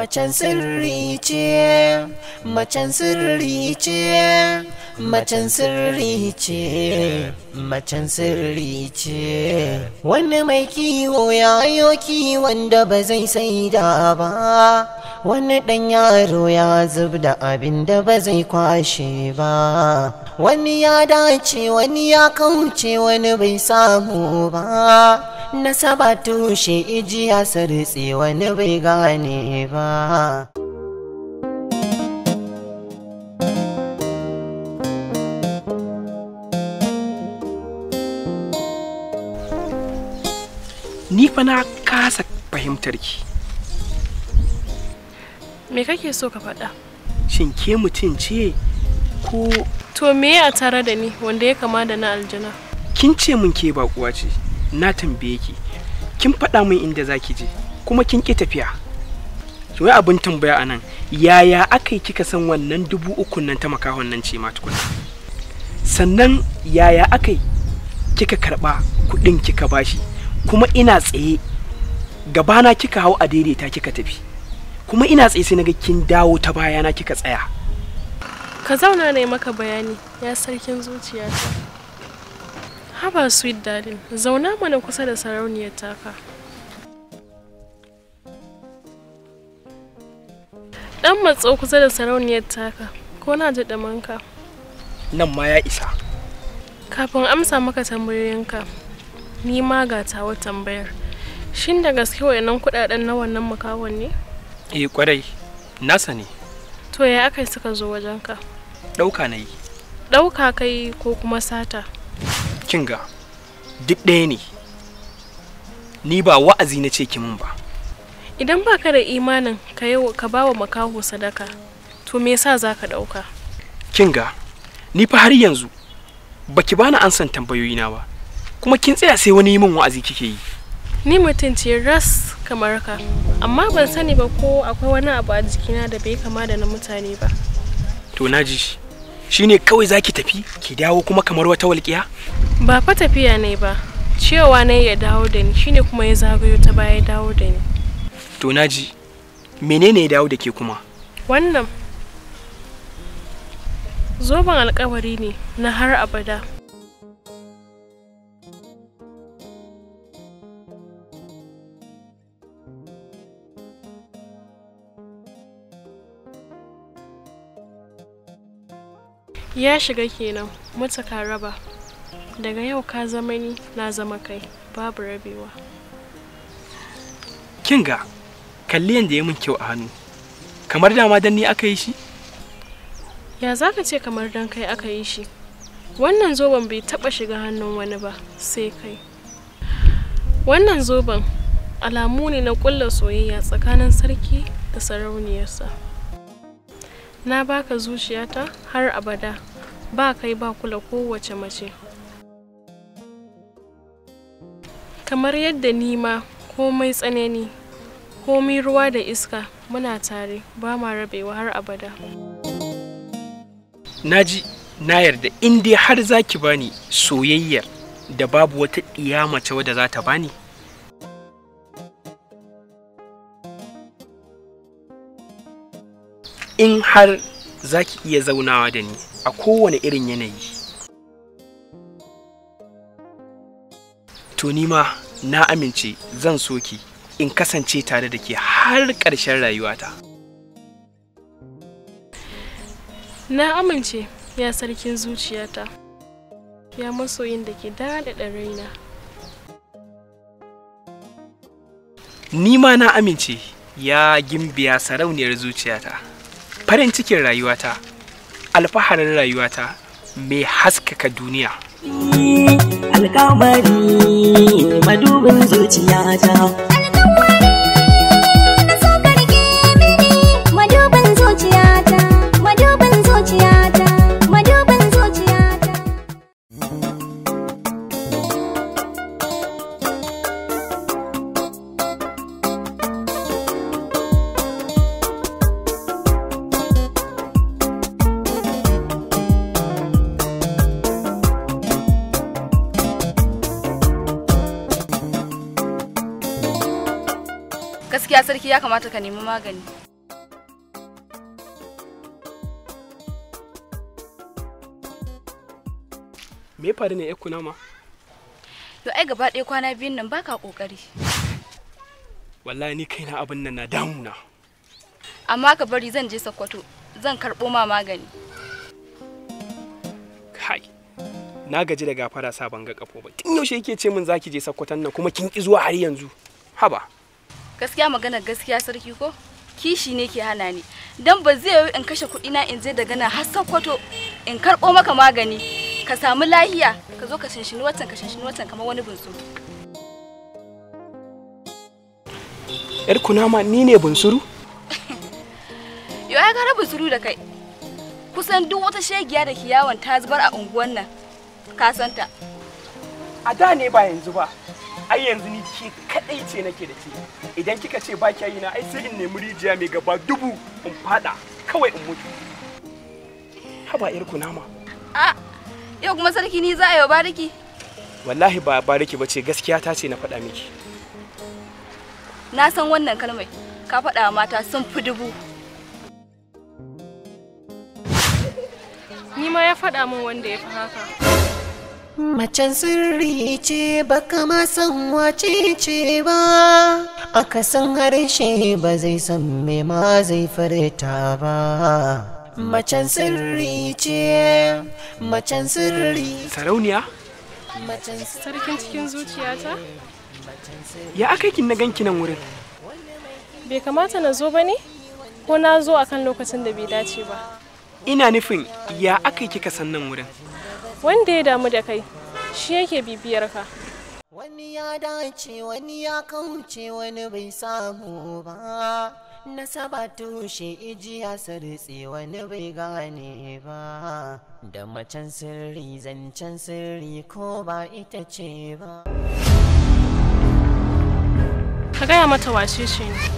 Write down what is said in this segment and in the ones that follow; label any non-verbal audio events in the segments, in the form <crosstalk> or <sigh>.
macen sirri ce macen sirri ce macen sirri ce macen sirri ce wani mai kiwo ya yo kiwon da ba zai saida ba wani ɗan yaro ya zub da abin da ba zai kwashe ba wani ya dace wani ya kauce wani bai samu ba Na saba tushe ijiya sarutse wani bai gane ba ni fa na kasa fahimtar ki me kake so ka faɗa shin ke mutum ce ko to me ya tare da ni wanda ya kama da na aljana kin ce mun ke bakuwa ce na tambaye ki kin faɗa min inda zaki je kuma kin ki tafiya to wai abin tambaya a nan yaya aka kika san wannan dubu ukun nan ta makahon nan ce ma tukuna sannan yaya aka kika karɓa kuɗin kika bashi kuma ina tsaye gabana kika hau a daidaita kika tafi kuma ina tsaye sai naga kin dawo ta bayana kika tsaya ka zauna ne maka bayani ya sarkin zuciyata Haba sweet darling, zauna mana kusa da sarauniyar taka. Dan matso kusa da sarauniyar taka, ko na ji ɗamanka. Nan ma ya isa. Kafin amsa maka tambayoyinka, ni ma ga tawa tambayar. Shin da gaske wayannan kuɗaɗen na wannan makawon ne? Eh kwarai, nasa ne. To ya aka suka zo wajenka? Ɗauka na yi. Ɗauka kai ko kuma sata? kin ga duk ɗaya ne ni ba wa'azi na ce min ba idan ba ka da imanin ka yi ka ba wa makaho sadaka to me yasa za ka ɗauka kin ga ni fa har yanzu baki bani ansan tambayoyina ba kuma kin tsaya sai wani min wa'azi kike yi ni mutum ce ras kamar ka amma ban sani ba ko akwai wani abu a jikina da bai kama da na mutane ba to na ji naji ne kawai zaki tafi ki dawo kuma kamar wata walƙiya ba fa tafiya ne ba cewa ne ya dawo da ni shine kuma ya zagayo ta baya ya dawo da ni to naji menene ya dawo da ke kuma wannan zoben alkawari ne na har abada ya shiga kenan mutaka raba daga yau ka zama ni na zama kai babu rabewa kinga kalli yadda ya min kyau a hannu kamar dama dan ni aka yi shi ya za ka ce kamar dan kai aka yi shi wannan zoben bai taba shiga hannun wani ba sai kai wannan zoben alamu ne na kulla soyayya tsakanin sarki da sarauniyarsa na baka zuciyata har abada ba kai ba kula kowace mace kamar yadda ni ma komai tsanani komai ruwa da iska muna tare ba ma rabewa har abada naji na yarda in dai har zaki bani soyayyar da babu wata ɗiya mace wadda za ta bani in har za ki iya zaunawa da ni a kowane irin yanayi to ni ma na amince zan so in kasance tare da ke har ƙarshen rayuwata na amince ya sarkin zuciyata ya masoyin da ke daɗaɗa raina ni ma na amince ya gimbiya sarauniyar zuciyata farin cikin rayuwata alfaharin rayuwata mai haskaka duniya alkamari madubin zuciyata sarki ya kamata ka nemi magani me ya faru ne ya ma. to ai gaba ɗaya kwana biyun nan baka ƙoƙari. wallahi ni kaina abin nan na damuna amma ka bari zan je sokoto zan karɓo ma magani kai na gaji da gafara sa ban ga kafo ba tun yaushe yake ce min zaki je sakwatan nan kuma kin ƙi zuwa har yanzu haba gaskiya magana gaskiya sarki ko kishi ne ke hana ni dan ba zai yi in kashe kuɗi na in je daga nan har sokoto in karɓo maka magani ka samu lahiya ka zo ka shinshini watan ka shinshini watan kamar wani bunsuru yar kunama ni ne bunsuru <laughs> yo ai gara bunsuru da kai kusan duk wata shegiya da kiyawan ta zubar a unguwan nan ka santa a da ne ba yanzu ba ai yanzu ni ke kadai ce nake da ke idan kika ce ba kya yi na ai sai in nemi rijiya mai gaba dubu in fada kawai in mutu haba yar kunama a yau kuma sarki ni za a yi bariki wallahi ba bariki ba ce gaskiya ta ce na faɗa miki na san wannan kalmar ka faɗa mata sun fi dubu ni ma ya faɗa min wanda ya fi haka Macen sirri ce baka ma san wace ce ba, aka san harshe ba zai san me ma zai fareta ba. Macen sirri ce, macen sirri. Sarauniya? Macen sarkin cikin zuciyata? Ya aka kin na ganki nan wurin? Bai kamata na zo ba ne? Ko na zo akan lokacin da bai dace ba? Ina nufin ya aka kika san nan wurin? wanda ya damu da kai shi yake bibiyar ka wani ya dace wani ya kauce wani bai samu ba Na nasaba tushe ya sartse wani bai gane ba da macen sirri zancen sirri ko ba ita ce ba ka gaya mata wace ce ne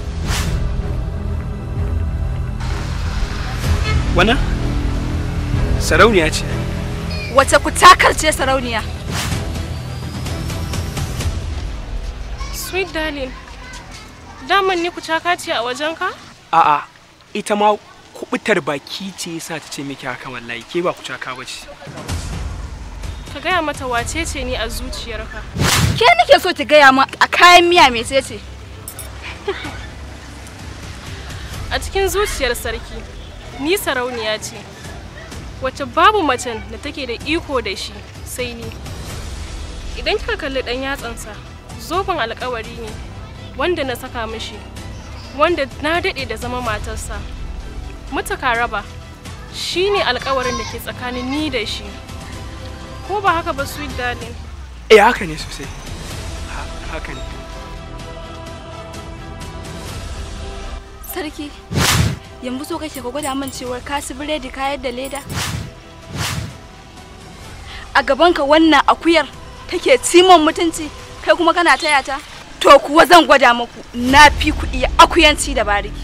wana sarauniya ce wace ku takarce sarauniya sweet darling daman ni ku takace a wajenka a'a ita ma kubutar baki ce yasa ta ce miki haka wallahi ke ba ku caka bace ka gaya mata wace ce ni a zuciyarka ke nake so ta gaya ma a kayan miya mai ce <laughs> a cikin zuciyar sarki ni sarauniya ce wacce babu macen da take da iko da shi sai ni idan kika kalli dan yatsansa zoben alkawari ne wanda na saka mishi wanda na daɗe da zama matarsa mutaka raba shi ne alkawarin da ke tsakanin ni da shi ko ba haka ba sweet darling eh haka ne sosai haka ne sarki yanzu so kake ka gwada min cewar ka ci biredi ka yadda leda a gabanka wannan akuyar take cimon mutunci kai kuma kana taya ta to kuwa zan gwada muku na fi kuɗi akuyanci da bariki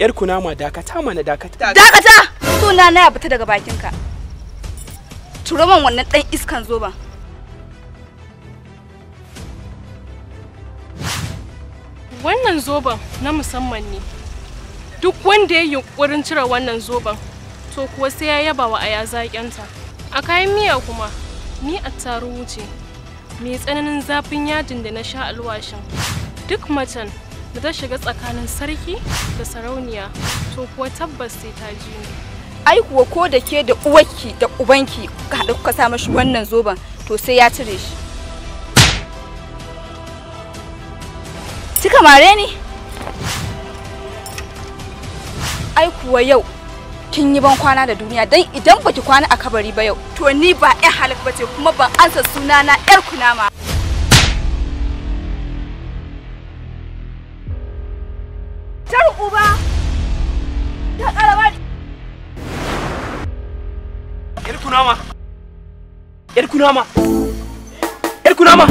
yar kunama dakata mana dakata dakata suna na ya fita daga bakinka turo man wannan dan iskan zoban wannan zoban na musamman ne duk wanda ya yunkurin cire wannan zoben to kuwa sai ya yaba wa aya zaƙenta a kayan miya kuma ni a taro wuce, mai tsananin zafin yajin da na sha alwashin duk macen da ta shiga tsakanin sarki da sarauniya to kuwa tabbas sai ta ji ni ai kuwa ko da ke da uwarki da ubanki ka haɗu kuka sa mashi wannan zoben to sai ya cire shi kika mare ni ai kuwa yau kin yi ban kwana da duniya dan idan baki kwana a kabari ba yau to ni ba ƴan halak bace kuma ban ansa sunana ƴar ma. jar uba ta karaba ƴar ma ƴar kunama ƴar kunama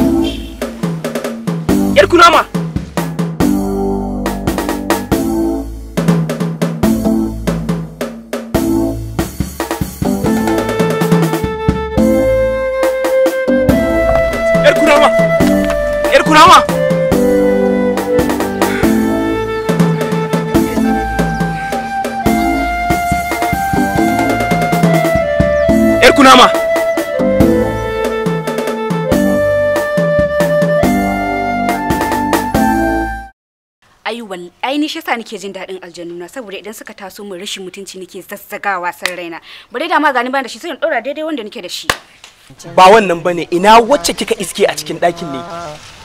ƴar ma. kurama yar kunama ai ni shasa nake jin daɗin na saboda idan suka taso min rashin mutunci nake zazzagawa san raina bare da ma gani ban da shi sai in daura daidai wanda nake da shi ba wannan bane ina wacce kika iske a cikin ɗakin ne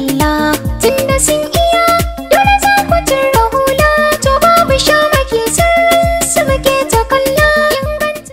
Allah